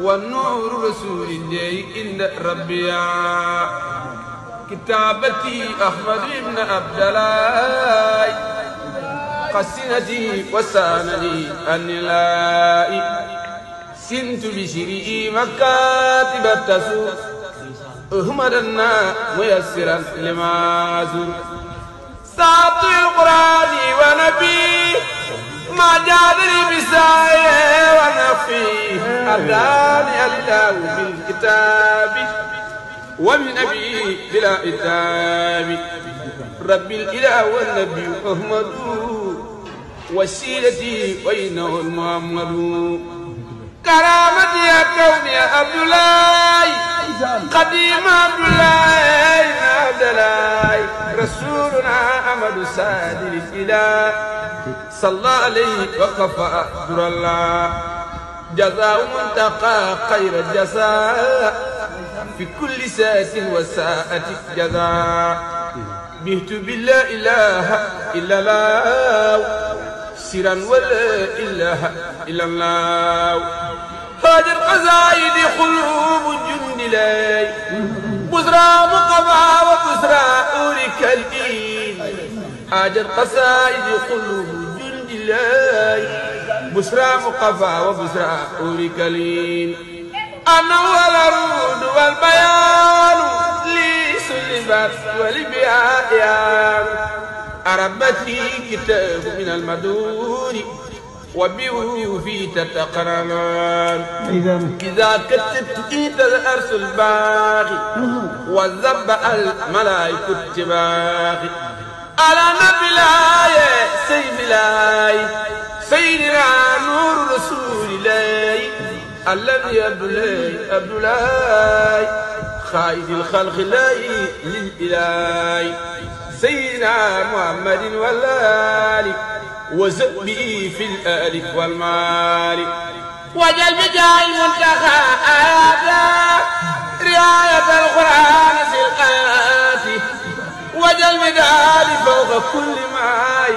ونور رسول الله عند ربي كتابتي أحمد بن عبد الله قسنتي وسانني أن لا سنت بشري مكاتب تسوق أهمدنا ميسرا لما زر ساطع القرآن ونبي ما جادني بسايا ونفي أداني الله بالكتاب ومن أبي بلا إتاب رب الإله والنبي أحمد وسيلتي وإنه المحمد كرامتي يا كون يا عبد الله قديم عبد الله عبد الله رسولنا أحمد سادر الإله صلى عليه وقف در الله جزاء منتقى خير الجزاء في كل ساعة وساعة جزاء بهت باللا إله إلا الله سرا ولا إله إلا الله هذا القزائد قلوب جند لي بزرى مقبى وبزرى أورك الدين هذا القصائد قلوب لله بشرى مقفى وبشرى أولي كليل أنا والعرود والبيان لي سلمت ولبيان أربتي كتاب من المدور وبيو في تتقرنان إذا كتبت إيد الأرس الباغي وذب الملائكة التباغي على نبي الله سيد الله سيدنا نور رسول الله الذي أبلي أبلاي خايد الخلق لي للإله سيدنا محمد والآل وزبي في الآلف والمال وجل بجاه المنتخى آياتا رعاية القرآن سلقيا wajal middaal fawqa kulli maay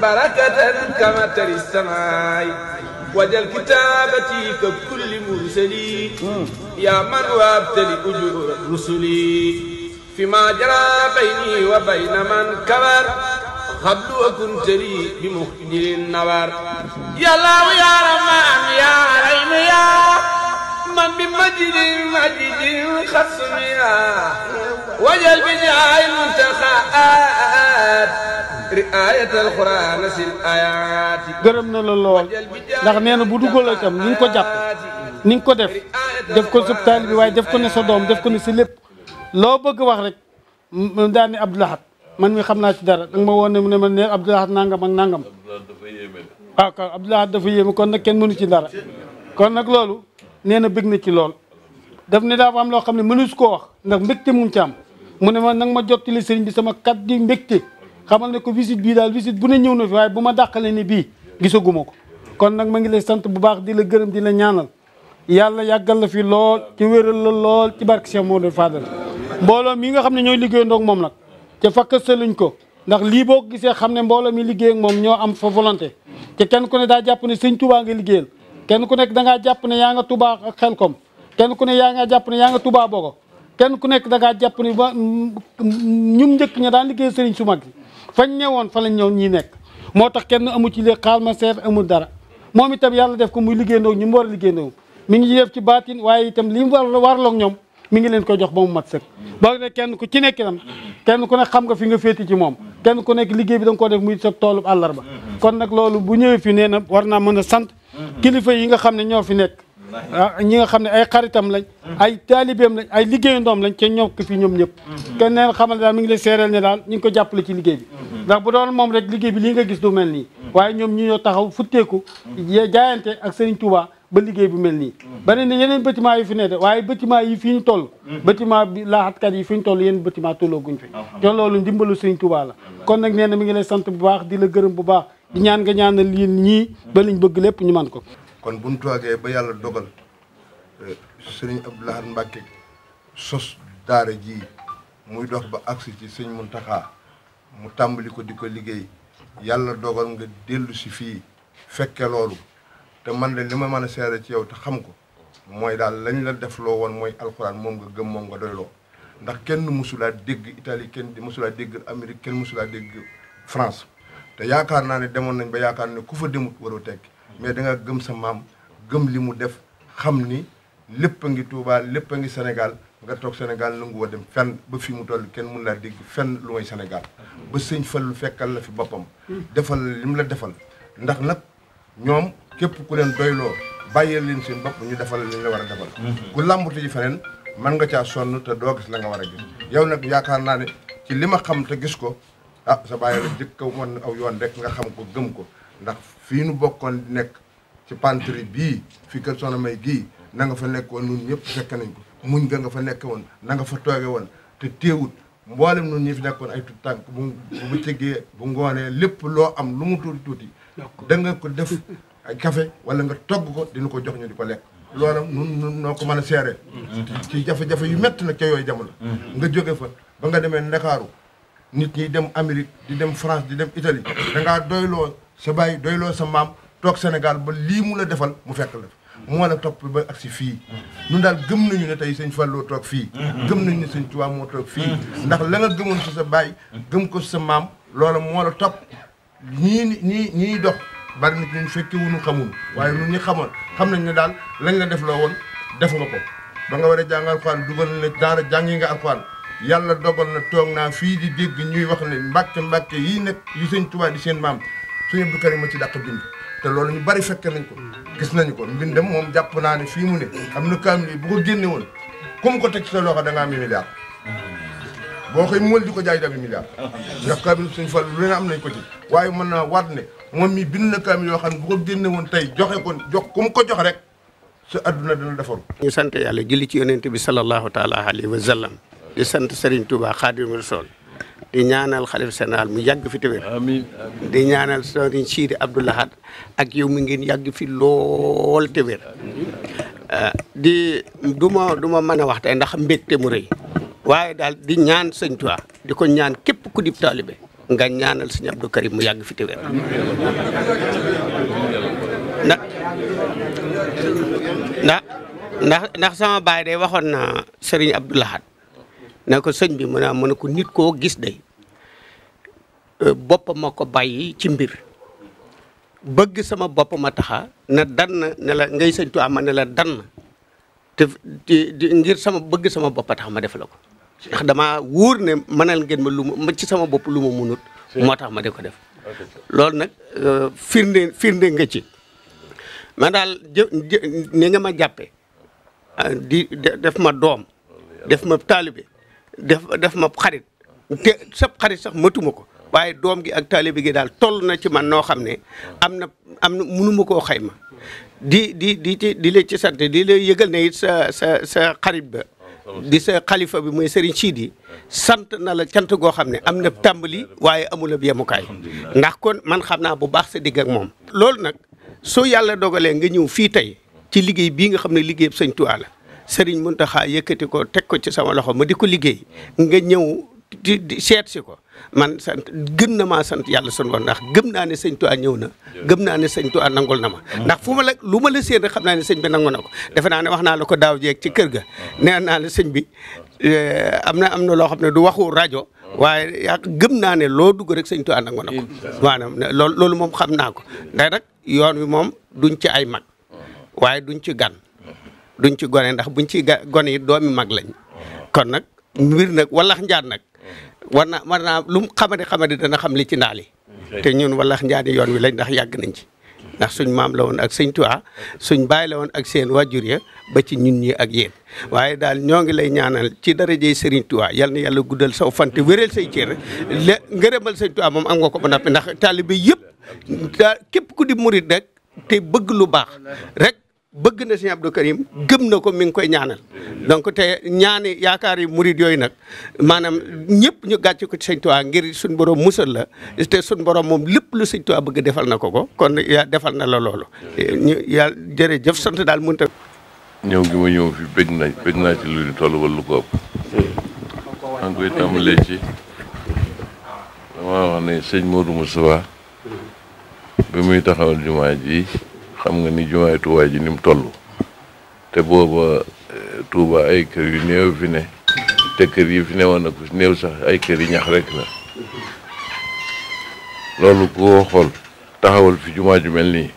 barakatan kama tari samaay wajal kitaabati ka kulli mursali yaa man waabtali ujur rusuli fi ma jaraa bayni wa bayna man kabar xabdu wa kuntali bi muxjilin nawar yàllaahu yaa ramaan yaa raymu ثم بمجد مجد خصمها وجل بجاه المنتخبات رعاية القرآن سل آيات gërëm na la lool ndax nee na bu dugal itam ni ko jàpp ni ko def def ko sa taalibe bi waaye def ko ne sa doom def ko ne si lépp loo bëgg wax rek daal ni Abdou Lahad man mi xam naa ci dara danga ma woon ne ma ne Abdou Lahad nangam ak nangam waaw ah, kon Abdou Lahad dafa yéeme kon nag kenn mënu ci dara kon nag loolu nee na bëgg na ci lool daf ne daa am loo xam ne mënu su koo wax ndax mbégte mum ngi ci am mu ne ma nag ma jottali sëriñ bi sama kat di mbégte xamal ne ko visite bii daal visite bu ne ñëw na fi waaye bu ma dàqale ni bii gisaguma ko kon nag ma ngi lay sant bu baax di la gërëm di la ñaanal yàlla yàggal la fi lool ci wéral la lool ci barke Cheikh Modou Fadal mbooloo mi nga xam ne ñooy liggéeyandoo ak moom nag te fakkasaluñ ko ndax lii boo gisee xam ne mbooloo mi liggéey ak moom ñoo am fa te kenn ku ne daa jàpp ne sëñ Tuubaa nga liggéeyal kenn ku nekk dangaa jàpp ne yaa nga tubaa xelkom kenn ku ne yaa nga jàpp ne yaa nga tubaa bogo kenn ku nekk da jàpp ne ba ñun njëkk ña daan liggéey sëriñ su mag fañ ñëwoon fa lañ ñëw ñi nekk moo tax kenn amu ci léegi xaal ma seet amul dara moom itam yàlla def ko muy liggéeyandoo ñu mu war a mi ngi def ci baatin waaye itam li mu war warloog ñoom mi ngi leen koy jox ba mu mat sëkk ba ne kenn ku ci nekk itam kenn ku nekk xam nga fi nga féeti ci moom kenn ku nekk liggéey bi da nga koo def muy sa toolub àllarba kon nag loolu bu ñëwee fi nee na war naa mën a sant Mm-hmm. kilifa yi nga xam ne ñoo fi nekk ah, ñi nga xam ne ay xaritam lañ mm-hmm. ay taalibeem lañ ay liggéeyandoom lañ ca ñoom ko fi ñoom ñëpp mm-hmm. kenn neen xamal daal mi ngi lay seereel ne daal ñu ngi ko jàppale ci liggéey bi ndax bu doon moom rek liggéey bi li nga gis du mel nii waaye ñoom ñu ñoo taxaw futteeku jaayante ak Serigne Touba ba liggéey bu mel nii bari na yeneen bâtiment yi fi ne de waaye bâtiment yi fi ñu toll bâtiment bi laaxatkat yi fi ñu toll yenn bâtiment tolloo guñ fi te loolu ndimbalu Serigne la kon nag mi ngi sant bu baax di la gërëm bu baax di ñaan nga ñaanal lii ñii ba liñ bëgg lépp ñu man ko. kon bu ñu toogee ba yàlla dogal euh, sëriñ Abdou Lahad Mbacké sos daara ji muy dox ba agsi ci sëñ Mountakha mu tàmbali ko di ko liggéey yàlla dogal nga dellu si fii fekke loolu te man de li ma mën a seere ci yow te xam ko mooy daal lañu la def loo woon mooy alxuraan moom nga gëm moom nga doyloo ndax kenn mësulaa dégg itali kenn mësulaa dégg Amérique kenn mësulaa dégg France te yaakaar naa ne demoon nañ ba yaakaar ne ku fa demut waroo tekki mais da nga gëm sa maam gëm li mu def xam ni lépp a ngi Touba lépp a ngi Sénégal nga toog Sénégal lu ngu dem fenn ba fi mu toll kenn mun laa digg fenn lu may Sénégal ba sëñ lu fekkal la fi boppam defal li mu la defal ndax nag ñoom képp ku leen doyloo bàyyee leen seen bopp ñu defal li ñu la war a defal mhm. ku làmbatu ji feneen mën nga caa sonn te doo gis la nga war a gis yow nag yaakaar naa ne ci li ma xam te gis ko ah sa bàyyi la jëkk a aw yoon rek nga xam ko gëm ko ndax fii nu bokkoon nekk ci panterie bii fii kër Soxna May gii na nga fa nekk woon nun ñëpp fekk nañ ko muñ nga fa nekk woon na fa tooge woon te téewut mboolem nun ñi fi nekkoon ay tuut tànk bu bu bëccëgee bu ngoonee lépp loo am lu mu tuuti tuuti da nga ko def ay kafe wala nga togg ko dina ko jox ñu di ko lekk loola nun noo ko mën a seere mm-hmm. ci jafe-jafe yu métti na ca yooyu jamono mm-hmm. nga jóge fa ba nga demee Ndakaaru nit ñi dem Amérique di dem France di dem Italie da ngaa doyloo sa bàyyi doyloo sa maam toog Sénégal ba lii mu la defal mu fekk la moo la topp ba ak si fii ñun daal gëm nañu ne tey sëñ Fallou toog fii gëm nañu ne sëñ Tuubaa moo toog fii ndax la nga gëmoon si sa bàyyi gëm ko sa maam loola moo la topp ñii ñii ñii dox bari nit ñun fekki wuñu xamul waaye ñun ñi xamoon xam nañ ne daal lañ la def loo woon def nga ko ba nga war a jàng alxuraan dugal na daara jàngi nga alxuraan yàlla dogal na toog naa fii di dégg ñuy wax ne mbàkke mbàkke yii nag yi sëñ Tuubaa di seen maam suñu Abdou Karim ma ci dàq bind te loolu ñu bari fekke nañ ko gis nañu ko mbindam moom jàpp naa ne fii mu ne am na kaamil bu ko génne woon comme ko teg sa loxo danga nga am i boo boo koy mool di ko jaay dami milliard ndax kaamil suñu fal lu ne am nañ ko ci waaye mën naa waat ne moom mi bind na kaamil yoo xam ne bu ko génne tey joxe ko jox ku ko jox rek sa adduna dina defaru ñu sant yàlla julli ci yonent bi sallallahu taala alayhi wa di sant Serigne Touba Xaadimu sol di ñaanal xalif général mu yàgg fi tawér di ñaanal Serigne Sidi Abdou ak yow mu ngeen yàgg fi lool tawér eh, di du ma du ma mën wax tey ndax mbégte mu rëy waaye daal di ñaan sëñ Touba di ko ñaan képp ku dib taalibe nga ñaanal sëñ Abdou Karim mu yàgg fi tawér ndax ndax ndax sama baay de waxoon na Serigne Abdou Lahad ne ko sëñ bi mu ne mu ne ko nit koo gis day euh, boppam ma ko bàyyi ci mbir bëgg sama bopp ma taxa na dan na la ngay sëñ Tuubaa ma ne la dan te ngir sama bëgg sama boppa tax ma def la ko ndax damaa wóor ne mënal ngeen ma lu ma ci sama bopp lu ma munut moo tax ma di ko def loolu nag euh, firnde firnde nga ci ma daal jë nga ma jàppe ah, di def ma doom def ma taalibe def ma xarit te sab xarit sax matuma ko waaye doom gi ak taalibe gi daal toll na ci man noo xam ne am na am na mënuma koo xayma di di di di la ci sant di la yëgal ne it sa sa sa xarit ba di sa xalifa bi mooy sii di sant na la cant goo xam ne am na tàmbali waaye amula ab yemukaay ndax kon man xam naa bu baax sa digg ak moom loolu nag soo yàlla dogalee nga ñëw fii tey ci liggéey bii nga xam ne liggéey Sëñ Tuubaa la Serigne Mountakha yëkkati ko teg ko ci sama loxo ma di ko liggéey nga ñëw seet si ko man sant gën na maa sant yàlla sunu woon ndax gëm naa ne sëñ Tuubaa ñëw na gëm naa ne sëñ Tuubaa nangul na ma mm. ndax fu ma la lu ma la séen rek xam naa ne sëñ bi nangu na ko defe naa ne wax naa la ko daaw jeeg ci kër ga mm. nee naa ne sëñ bi eh, am na am na loo xam ne du waxu rajo mm. waaye yaa gëm naa ne loo dugg rek sëñ Tuubaa nangu na ko maanaam loolu loolu moom xam naa ko ndax nag yoon wi moom duñ ci ay mag waaye duñ ci gan duñ ci gone ndax bu ñu ci gone yi doomi mag lañ kon nag mbir nag wallax njaan nag war naa war naa lu mu xamadi xamadi dana xam li ci ndaali te ñun wallax njaani yoon wi lañ ndax yàgg nañ ci ndax suñ maam la woon ak sëñ Tuubaa suñ baay la woon ak seen wàjjur ya ba ci ñun ñi ak yéen waaye daal ñoo ngi lay ñaanal ci darajey sëriñ Tuubaa yal na yàlla guddal saw fante wéral say cër le ngërëmal sëñ Tuubaa moom am nga ko ba noppi ndax taalibe yëpp képp ku di murit rek te bëgg lu baax rek bëgg na Serigne Abdou Karim gëm na ko mi ngi koy ñaanal donc te ñaani yaakaar yi murid yooyu nag maanaam ñëpp ñu gàcc ko ci Serigne ngir suñ borom musal la te suñ borom moom lépp lu Serigne Touba bëgg defal na ko ko kon ya defal na la loolu ñu yàlla jëf sant daal mun ta ñëw gi ma ñëw fi bëgg na naa ci lu ñu toll wala lu ko ëpp maa ngi koy tàmbalee ci dama wax ne sëñ bi muy taxawal jumaa ji xam nga ni jumaay Tuubaa ji ni mu toll te booba eh, Tuubaa ay kër yu néew fi ne te kër yi fi newoon na ku néew sax ay kër yi ñax rek la loolu koo xool taxawal fi jumaa ju mel nii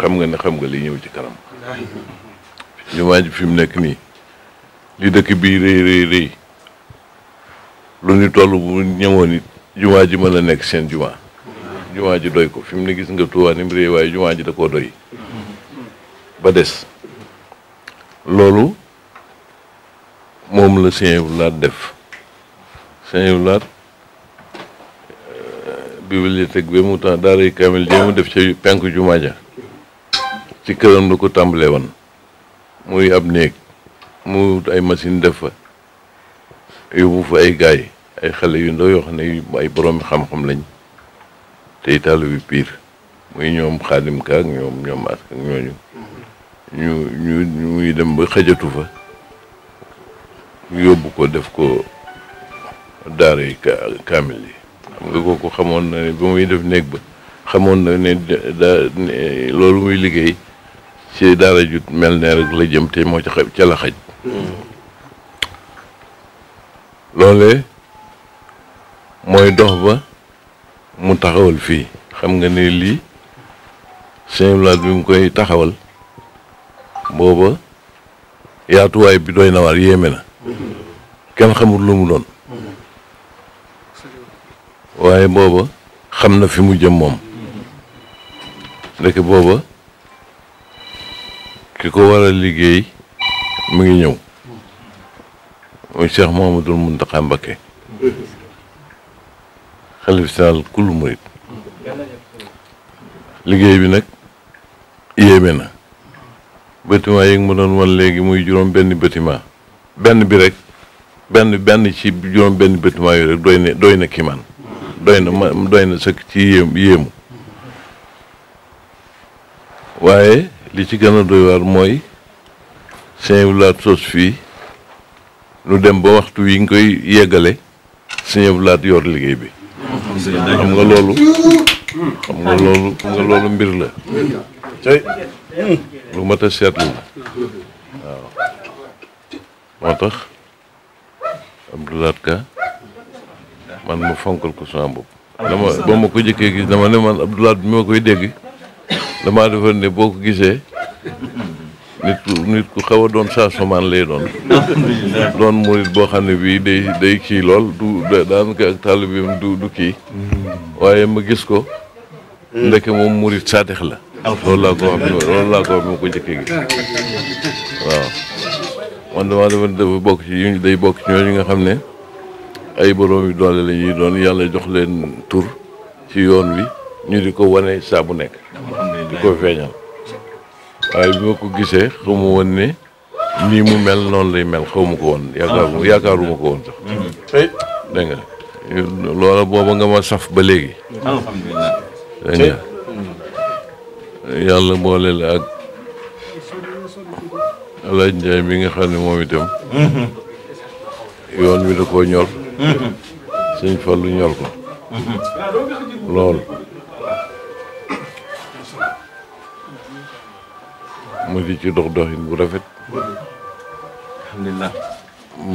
xam nga ne xam nga li ñëw ci kanam jumaa ji fi mu nekk nii li dëkk bii rëy rëy lu ñu toll bu ñëwoon it jumaa ji mën a nekk seen jumaa jumaa ji doy ko fi mu ne gis nga Tuubaa ni mu réy waaye jumaa ji da koo doy ba des loolu moom la Sëñ Abdu Lahat def Sëñ Abdu Lahat euh, bibliothèque bi mu tax daaray kaamil ji mu def ci penku jumaa ja ci këram la ko tàmbalee woon muy ab néeg mu ay machine def fa yóbbu fa ay gaay ay xale yu ndaw yoo xam ne ay boroomi xam-xam lañ tey taalu bi piir muy ñoom xaadim ka ñoom ñoom ak ñooñu ñu ñu muy dem ba xajatu fa yóbbu ko def ko daara yi kaamil yi xam nga kooku xamoon na ne ba muy def néeg ba xamoon na ne loolu muy liggéey ci daara ju mel ne rek la jëm te moo ca xaj mm-hmm. loole mooy dox ba mu taxawal fii xam nga ni lii seen laat bi mu koy taxawal booba yaatuwaay bi doy na yéeme na kenn xamul lu mu doon waaye booba xam na fi mu jëm moom ndeke booba ki ko war a liggéey mu ngi ñëw muy Cheikh Mouhamadoul Mountakha Mbacké xalif saal liggéey bi nag yéeme na bâtiment yi nga ma doon wan léegi muy juróom benn bâtiment benn bi rekk benn benn ci juróom benn bâtiment yooyu rek doy na doy na kimaan doy na ma doy na sëkk ci yéem yéemu waaye li ci gën a doy waar mooy Sëñ Abdoulaat sos fii lu dem ba waxtu wi nga koy yeggale Sëñ Abdoulaat yor liggéey bi xam nga loolu xam nga loolu xam nga loolu mbir la cay lu mat a seetlu waaw moo tax Abdoulaat Ka man mu fonkal ko sama bopp dama ba ma ko jëkkee gis dama ne man Abdoulaat bi ma koy dégg damaa defoon ne boo ko gisee nit ku nit ku xaw a doon changement lay doon. doon murit boo xam ne bii day day kii lool du daanaka ak taalibeem du kii. waaye ma gis ko. Mm. ndeke moom murit saadix la. loolu laa ko wax loolu laa ko wax ma gis waaw. man dama dafa bokk ci yu day bokk ci ñooñu nga xam ne ay borom yu doole la doon yàlla jox leen tur ci yoon wi ñu di ko wane saa bu nekk. di ko feeñal. waaye boo ko gisee xaw ma nii mu mel noonu lay mel xaw ma ko woon. Ah. yaakaaruma ko woon sax. Mm-hmm. dégg nga loola booba nga ma saf ba léegi. alhamdulilah yàlla boole la ak alaaj Njaay mi nga xam ne moom itam. Mm-hmm. yoon wi da koo ñor. Mm-hmm. sëñ Fallu ñor ko. lool. moo di ci dox doxin bu rafet. alhamdulilah.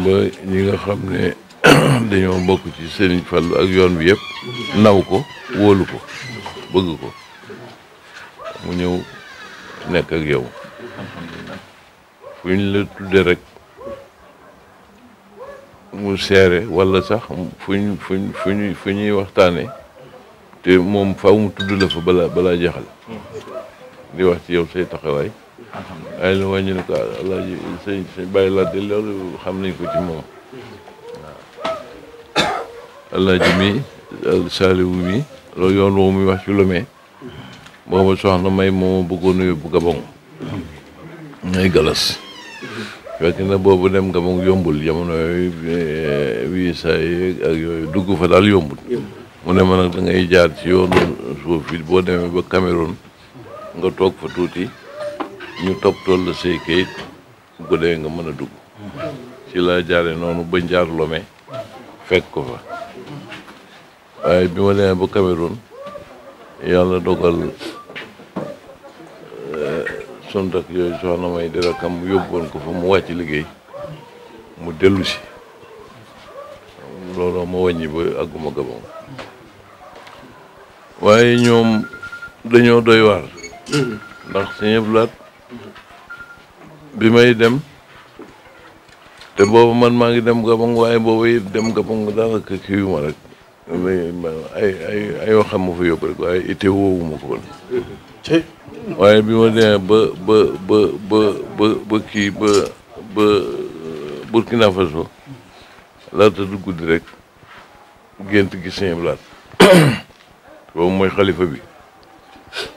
ba ñi nga xam ne dañoo bokk ci Serigne Fallou ak yoon bi yëpp naw ko wóolu ko bëgg ko mu ñëw nekk ak yow. fu ñu la tuddee rek mu seere walla sax fu ñu fu ñuy waxtaanee te moom faw mu tudd la fa balaa balaa jeexal. Mm. wax ci yow say taxawaay. waaye lu wàññi ko alaaji sëñ sëñ bàyyi laat de xam nañ ko ci moom waaw alaaji mi saaliwu mi loolu yoon woowu muy wax ci Lomé booba soxna may mooma bëggoon yóbbu Gabon ngay galas fekk na boobu dem Gabon yombul jamono yooyu eh, visa yi ak yooyu dugg fa daal yombul mu ne ma nag da ngay jaar ci yoonu suuf bi boo demee ba Cameroun nga toog fa tuuti ñu topp tool la say kayit bu nga mën a dugg ci laa jaare noonu ba njaar lome fekk ko fa waaye bi ma demee ba Cameroun yàlla dogal eh, sontak yooyu soxna may di rakam yóbboon ko fa mu wàcc liggéey mu dellu si looloo ma wàññi ba àgguma gabam waaye ñoom dañoo doy waar mm-hmm. ndax sëñ Abdou Lahad bi may dem te boobu man maa ngi dem Gabon waaye boobu dem Gabon daanaka kii ma rek ay ay ay waxam ma fa yóbbu rek waaye itte woowu ko woon waaye bi ma demee ba ba ba ba ba ba kii ba ba Burkina Faso laata du guddi rek gént gis Sëñ Blaat boobu mooy xalifa bi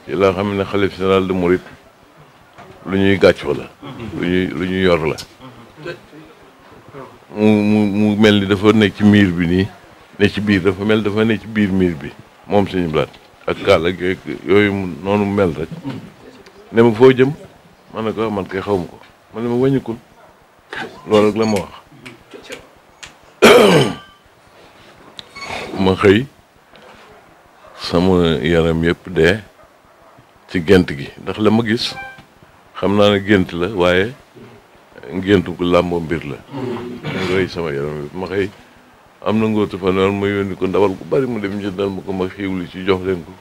ci laa xam ne xalif général de Mouride lu ñuy gàccoo la lu ñuy lu ñuy yor la mu mu mel ni dafa nekk ci miir bi nii ne ci biir dafa mel dafa nekk ci biir miir bi moom suñu blaat ak kàll ak yooyu noonu mel rek ne ma foo jëm man ne ko man kay xaw ma ko man ne ma la ma wax ma xëy sama yaram yépp dee ci gent gi ndax la ma gis am naa ne gént la waaye gént gu làmboo mbir la mu rëy sama yaram bi ma xëy am na ngóotu fa noonu ma yónni ko ndawal gu bari mu dem jëndal ma ko ma xiiwli ci jox leen ko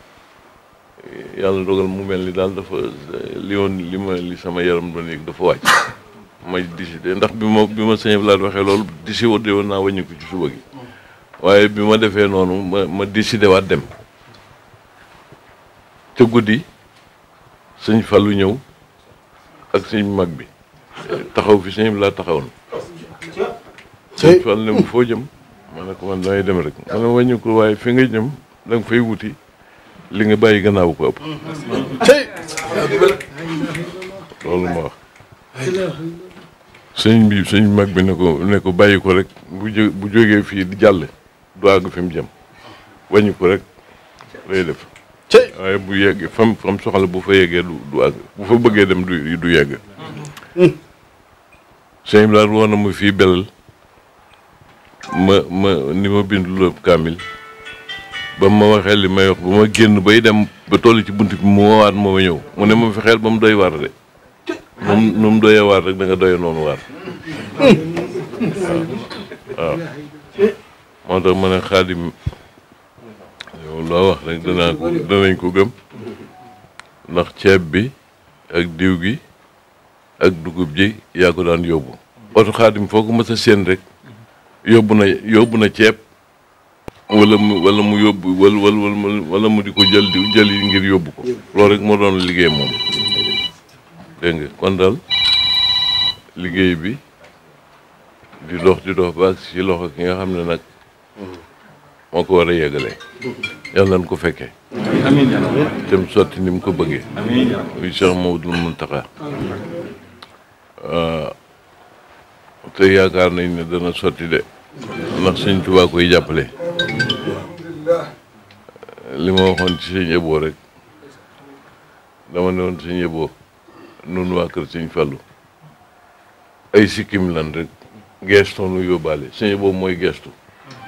yàlla dogal mu mel ni daal dafa li woon li ma li sama yaram doon yëg dafa wàcc ma décidé ndax bi ma bi ma sëñ Abdoulaye waxee loolu décidé woon woon naa wàññi ko ci suba gi waaye bi ma defee noonu ma ma décidé dem ca guddi sëñ Fallou ñëw ak sëñ mag bi taxaw fi sëñ bi laa taxawoon. sëñ Fall ne mu foo jëm ma ne ko man damay dem rek ma ne wàññi ko waaye fi nga jëm da nga fay wuti li nga bàyyi gannaaw ko ëpp. loolu ma wax. sëñ bi sëñ mag bi ne ko ne ko bàyyi ko rek bu jógee fii di jàll du àgg fi mu jëm wàññi ko rek lay def. waaye bu yegg fam fam soxla bu fa yeggee du du bu fa bëggee dem du du yegg hmm. sëñ bi daal woon mu fii belal ma ma ni ma bind loob kaamil ba ma waxee li may wax ba ma génn bay dem ba toll ci bunt bi mu woowaat ma ma ñëw mu ne ma fexeel ba mu doy waar de moom nu mu doyee waar rek da nga noonu waar hmm. moo tax ma ne xaadim loo wax rek danaa ko danañ ko gëm ndax ceeb bi ak diw gi ak dugub ji yaa ko daan yóbbu oto xaadim foo ko mës seen rek yóbbu na yóbbu na ceeb wala mu wala mu yóbbu wala wala wala mu di ko jël di jël yi ngir yóbbu ko loolu rek moo doon liggéey moom dégg kon daal liggéey bi di dox di dox ba si loxo ki nga xam ne nag moo ko war a yëgale yàlla nañ ko fekkee amiin te mu sotti ni mu ko bëggee amiin muy Cheikh Mamadou Mountakha te yaakaar nañ ne dana sotti de ndax sëñ Tuubaa koy jàppale li ma waxoon ci sëñ Ebo rek dama ne woon nun waa kër sëñ Fallou ay sikkim lan rek geestoonu yóbbaale sëñ Ebo mooy geestu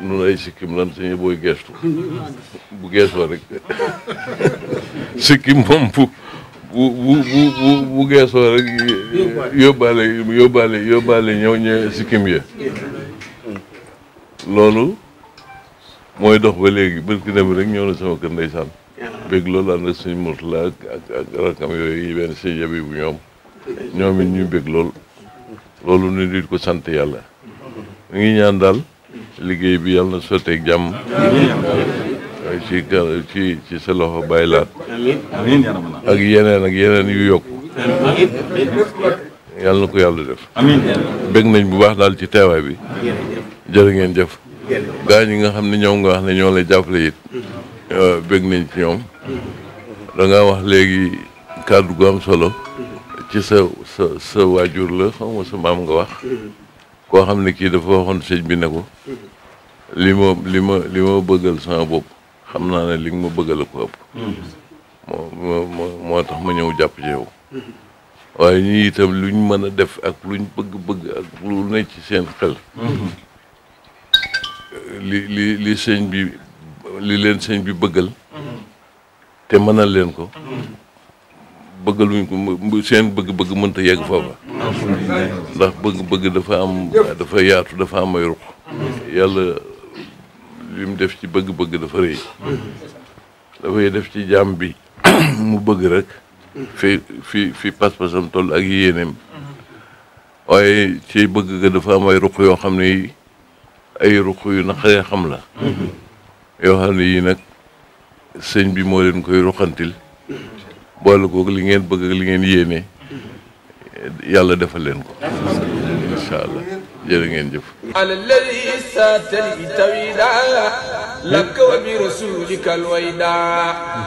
nun ay sikkim lan sañu booy geestu bu geesoo rek sikkim moom bu bu bu bu bu geesoo rek yóbbaale yóbbaale yóbbaale ñëw ñëw sikkim ya e. loolu mooy dox ba léegi bërki na bi rek ñëw na sama kër ndeysaan bég loolu ànd ak suñ mortala ak ak rakam yooyu benn si jabi bu ñoom ñoom it ñu bég lool loolu nu di ko sant yàlla ñu ngi ñaan daal liggéey bi yàlla na sotteeg jàmm ci ci ci sa loxo bàyyi laat ak yeneen ak yeneen yu yokk yàlla na ko yàlla def bëgg nañ bu baax daal ci teewaay bi jërë ngeen jëf gaa ñi nga xam ne ñoom nga wax ne ñoo lay jàppale it mm-hmm. euh, bëgg nañ ci ñoom mm-hmm. da wax léegi kàddu gu am solo mm-hmm. ci sa sa sa waajur la xaw ma sa maam nga wax koo xam ne kii dafa waxoon sëñ bi ne ko mhm. li ma li ma li ma bëggal sama bopp xam naa ne li nga ma bëggal ko ëpp mhm. moo tax ma ñëw jàpp ci yow mhm. waaye ñii itam luñ mën a def ak luñ bëgg-bëgg ak lu ne ci seen xel li li bi li leen sëñ bi bëggal te mënal leen ko bëggaluñ ko seen bëgg-bëgg mënta yegg foofa ndax bëgg-bëgg dafa am dafa yaatu dafa am ay ruq yàlla li mu def ci bëgg-bëgg dafa rëy dafay def ci jàmm bi mu bëgg rekk fi fi fi pas-pasam toll ak yéeneem waaye ci bëgg ga dafa am ay ruq yoo xam ne ay ruq yu naqaree xam la yoo xam ne yii nag sëñ bi moo leen koy ruqantil bool koog li ngeen bëgg li ngeen yéene yàlla defal leen ko incha allah jërë ngeen jëf alalladi satali tawida wa bi rasulika alwayda